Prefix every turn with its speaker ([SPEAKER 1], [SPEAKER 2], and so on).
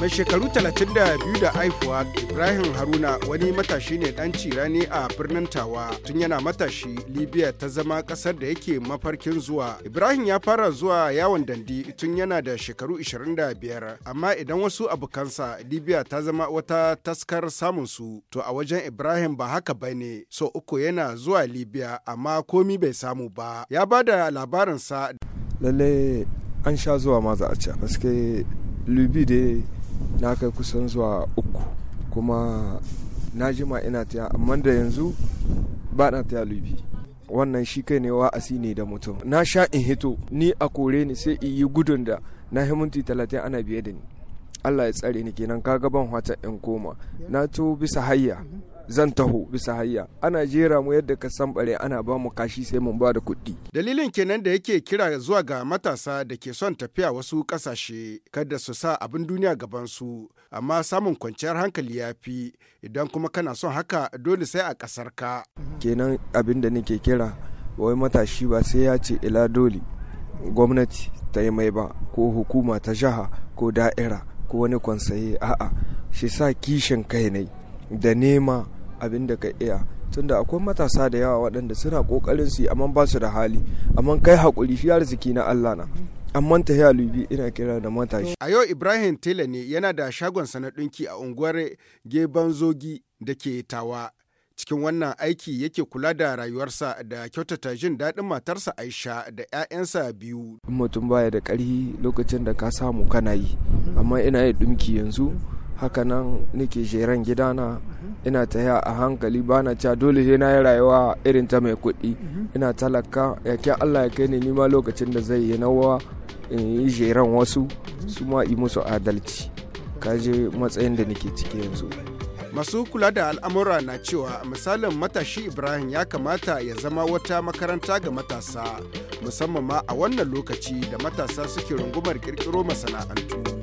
[SPEAKER 1] mai shekaru 32 da haifuwa ibrahim haruna wani matashi ne dan cira ne a birnin tawa tun yana matashi libya ta zama kasar da yake mafarkin zuwa ibrahim ya fara zuwa yawon dandi tun yana da shekaru 25 amma idan wasu abokansa libya ta zama wata taskar samun su to a wajen ibrahim ba haka ba ne so uku yana zuwa libya amma komi bai samu ba ya ba da labarinsa lallai
[SPEAKER 2] an sha zuwa maza a can libi da na kai kusan zuwa uku kuma na jima ina taya amma da yanzu ba na taya lubi wannan shi kai ne wa'asi ne da mutum na sha in hito ni a kore ni sai in yi gudun da na yi minti talatin ana biye da ni allah ya tsare ni kenan kaga ban wata in koma na to bisa hayya zan taho bisa hayya ana jera mu yadda
[SPEAKER 1] ka san bare ana ba mu kashi sai mun ba da kuɗi dalilin kenan da yake kira zuwa ga matasa da ke son tafiya wasu ƙasashe kada su sa abin duniya gaban su amma samun kwanciyar hankali ya fi idan kuma kana son haka dole sai a kasar ka kenan
[SPEAKER 2] abin da nake kira wai matashi ba sai ya ce ila dole gwamnati ta yi mai ba ko hukuma ta jaha ko da'ira ko wani kwansaye a'a shi sa kishin kai ne da nema abin da ka iya tunda akwai matasa da yawa waɗanda suna ƙoƙarin su amma ba su da hali amma kai haƙuri shi arziki na Allah na amma ta ya lubi ina kira da matashi
[SPEAKER 1] a yau Ibrahim Tela ne yana da shagon na ɗinki a unguwar Geban Zogi da ke Tawa cikin wannan aiki yake kula da rayuwarsa da kyautata jin daɗin matarsa Aisha da 'ya'yansa biyu
[SPEAKER 2] mutum baya da ƙarfi lokacin da ka samu kana yi amma ina yin ɗinki yanzu haka hakanan nake jeren gidana mhm. ina taya a hankali ba na ca dole sai na yi rayuwa irin ta mai kuɗi mhm. ina talaka yakin allah ya kai ni nima lokacin da zai yi nawa in yi jeren wasu mhm. su ma yi musu adalci ka je matsayin da nake cike yanzu
[SPEAKER 1] masu kula da al'amura na cewa misalin matashi ibrahim ya kamata ya zama wata makaranta ga matasa musamman ma a wannan lokaci da matasa suke rungumar kirkiro masana'antu